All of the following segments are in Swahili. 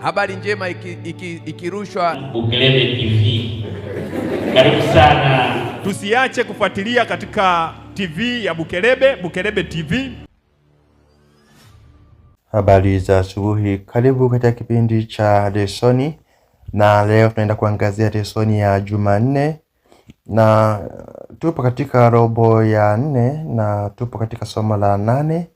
Habari njema ikirushwa iki, iki Bukelebe TV. Karibu sana, tusiache kufuatilia katika TV ya Bukelebe, Bukelebe TV. Habari za asubuhi, karibu katika kipindi cha lesoni, na leo tunaenda kuangazia lesoni ya Jumanne na tupo katika robo ya nne na tupo katika somo la nane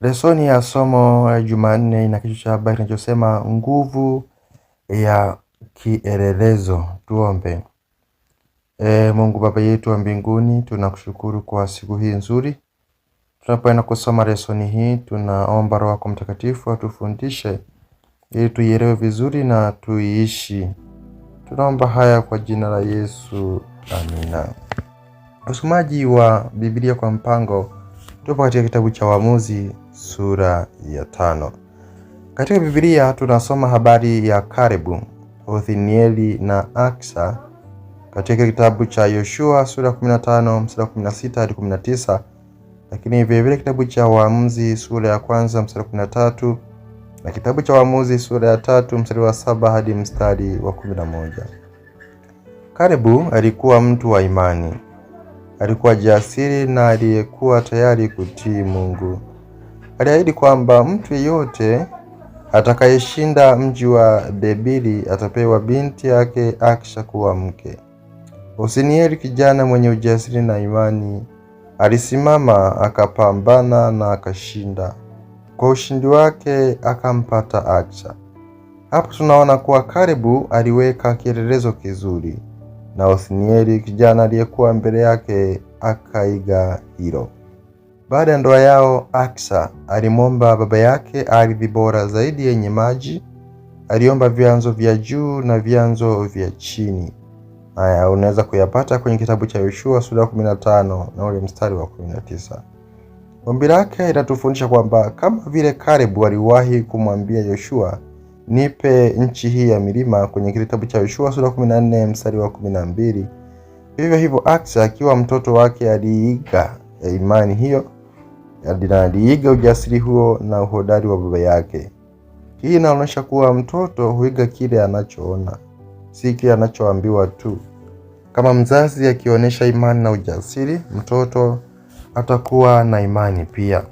Lesoni ya somo ya Jumanne ina kichwa cha habari kinachosema nguvu ya kielelezo. Tuombe. E, Mungu Baba yetu wa mbinguni, tunakushukuru kwa siku hii nzuri. Tunapoenda kusoma lesoni hii, tunaomba Roho yako Mtakatifu atufundishe ili tuielewe vizuri na tuiishi. Tunaomba haya kwa jina la Yesu, amina. Usomaji wa Biblia kwa mpango, tupo katika kitabu cha Waamuzi sura ya tano. Katika Biblia tunasoma habari ya Karebu, Othnieli na Aksa katika kitabu cha Yoshua sura 15 mstari 16 hadi 19, lakini vilevile kitabu cha Waamuzi sura ya kwanza mstari 13 na kitabu cha Waamuzi sura ya tatu mstari wa saba hadi mstari wa moja karebu alikuwa mtu wa imani, alikuwa jasiri na aliyekuwa tayari kutii Mungu aliahidi kwamba mtu yeyote atakayeshinda mji wa Debiri atapewa binti yake Aksha kuwa mke. Osinieri, kijana mwenye ujasiri na imani, alisimama akapambana na akashinda. Kwa ushindi wake akampata Aksha. Hapo tunaona kuwa karibu aliweka kielelezo kizuri na Othnieli kijana aliyekuwa mbele yake akaiga hilo. Baada ya ndoa yao, Aksa alimwomba baba yake ardhi bora zaidi yenye maji. Aliomba vyanzo vya juu na vyanzo vya chini. Haya unaweza kuyapata kwenye kitabu cha Yoshua sura ya 15 na ule mstari wa 19. Ombi lake linatufundisha kwamba kama vile Kalebu aliwahi kumwambia Yoshua, nipe nchi hii ya milima kwenye kitabu cha Yoshua sura 14 mstari wa 12. Hivyo hivyo Aksa akiwa mtoto wake aliiga imani hiyo na aliiga ujasiri huo na uhodari wa baba yake. Hii inaonyesha kuwa mtoto huiga kile anachoona, si kile anachoambiwa tu. Kama mzazi akionyesha imani na ujasiri, mtoto atakuwa na imani pia.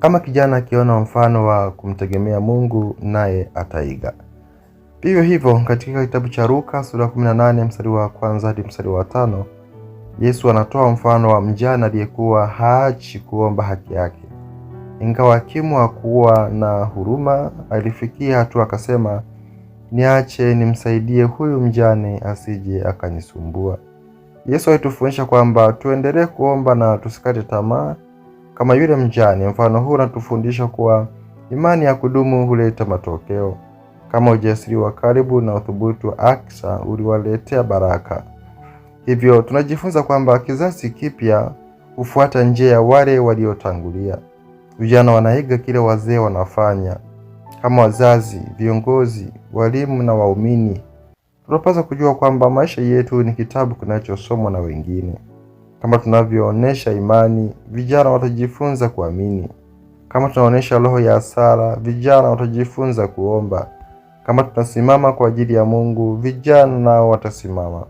Kama kijana akiona mfano wa kumtegemea Mungu, naye ataiga vivyo hivyo. Katika kitabu cha Luka sura 18 mstari wa kwanza hadi mstari wa tano Yesu anatoa mfano wa mjane aliyekuwa haachi kuomba haki yake. Ingawa hakimu hakuwa na huruma, alifikia hatua akasema, niache nimsaidie huyu mjane asije akanisumbua. Yesu alitufundisha kwamba tuendelee kuomba na tusikate tamaa kama yule mjane. Mfano huu unatufundisha kuwa imani ya kudumu huleta matokeo, kama ujasiri wa karibu na uthubutu wa Aksa uliwaletea baraka. Hivyo tunajifunza kwamba kizazi kipya hufuata njia ya wale waliotangulia. Vijana wanaiga kile wazee wanafanya. Kama wazazi, viongozi, walimu na waumini, tunapaswa kujua kwamba maisha yetu ni kitabu kinachosomwa na wengine. Kama tunavyoonyesha imani, vijana watajifunza kuamini. Kama tunaonyesha roho ya sala, vijana watajifunza kuomba. Kama tunasimama kwa ajili ya Mungu, vijana nao watasimama.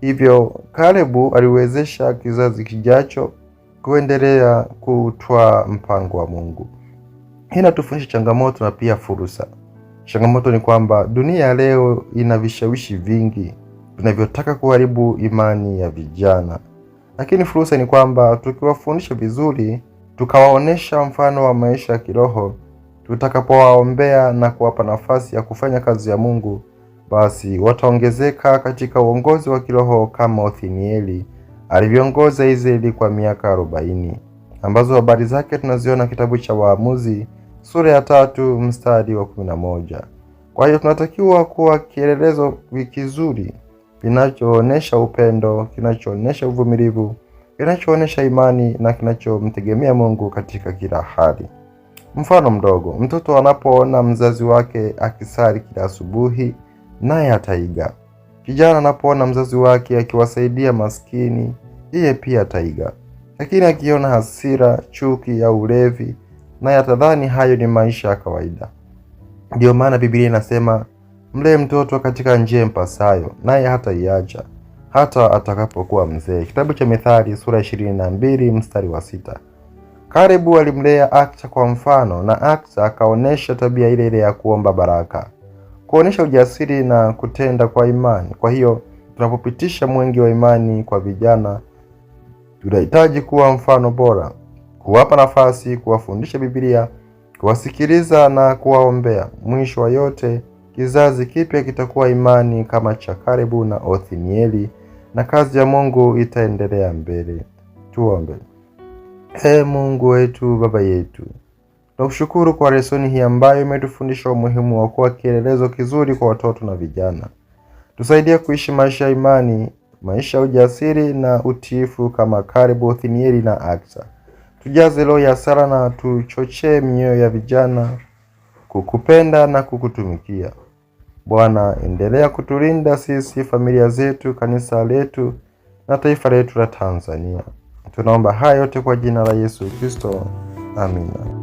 Hivyo Kalebu aliwezesha kizazi kijacho kuendelea kutwa mpango wa Mungu. Hii inatufundisha changamoto na pia fursa. Changamoto ni kwamba dunia ya leo ina vishawishi vingi vinavyotaka kuharibu imani ya vijana, lakini fursa ni kwamba tukiwafundisha vizuri, tukawaonyesha mfano wa maisha ya kiroho, tutakapowaombea na kuwapa nafasi ya kufanya kazi ya Mungu basi wataongezeka katika uongozi wa kiroho kama Othinieli alivyoongoza Israeli kwa miaka arobaini, ambazo habari zake tunaziona kitabu cha Waamuzi sura ya tatu mstari wa kumi na moja. Kwa hiyo tunatakiwa kuwa kielelezo kizuri kinachoonyesha upendo, kinachoonyesha uvumilivu, kinachoonyesha imani na kinachomtegemea Mungu katika kila hali. Mfano mdogo, mtoto anapoona mzazi wake akisali kila asubuhi naye ataiga. Kijana anapoona mzazi wake akiwasaidia maskini, yeye pia ataiga, lakini akiona hasira, chuki au ulevi, naye atadhani hayo ni maisha ya kawaida. Ndiyo maana Biblia inasema mlee mtoto katika njia mpasayo naye hataiacha hata atakapokuwa mzee. Kitabu cha Mithali sura mbili mstari wa sita. Kalebu alimlea Akta kwa mfano, na Akta akaonyesha tabia ile ile ya kuomba baraka kuonyesha ujasiri na kutenda kwa imani. Kwa hiyo tunapopitisha mwenge wa imani kwa vijana, tunahitaji kuwa mfano bora, kuwapa nafasi, kuwafundisha Biblia, kuwasikiliza na kuwaombea. Mwisho wa yote, kizazi kipya kitakuwa imani kama cha Kalebu na Othnieli, na kazi ya Mungu itaendelea mbele. Tuombe. Ee Mungu wetu, Baba yetu Nakushukuru kwa lesoni hii ambayo imetufundisha umuhimu wa kuwa kielelezo kizuri kwa watoto na vijana. Tusaidie kuishi maisha ya imani, maisha ya ujasiri na utiifu kama Karibu, Othnieli na Aksa. Tujaze roho ya sala na tuchochee mioyo ya vijana kukupenda na kukutumikia. Bwana, endelea kutulinda sisi, familia zetu, kanisa letu na taifa letu la Tanzania. Tunaomba haya yote kwa jina la Yesu Kristo, amina.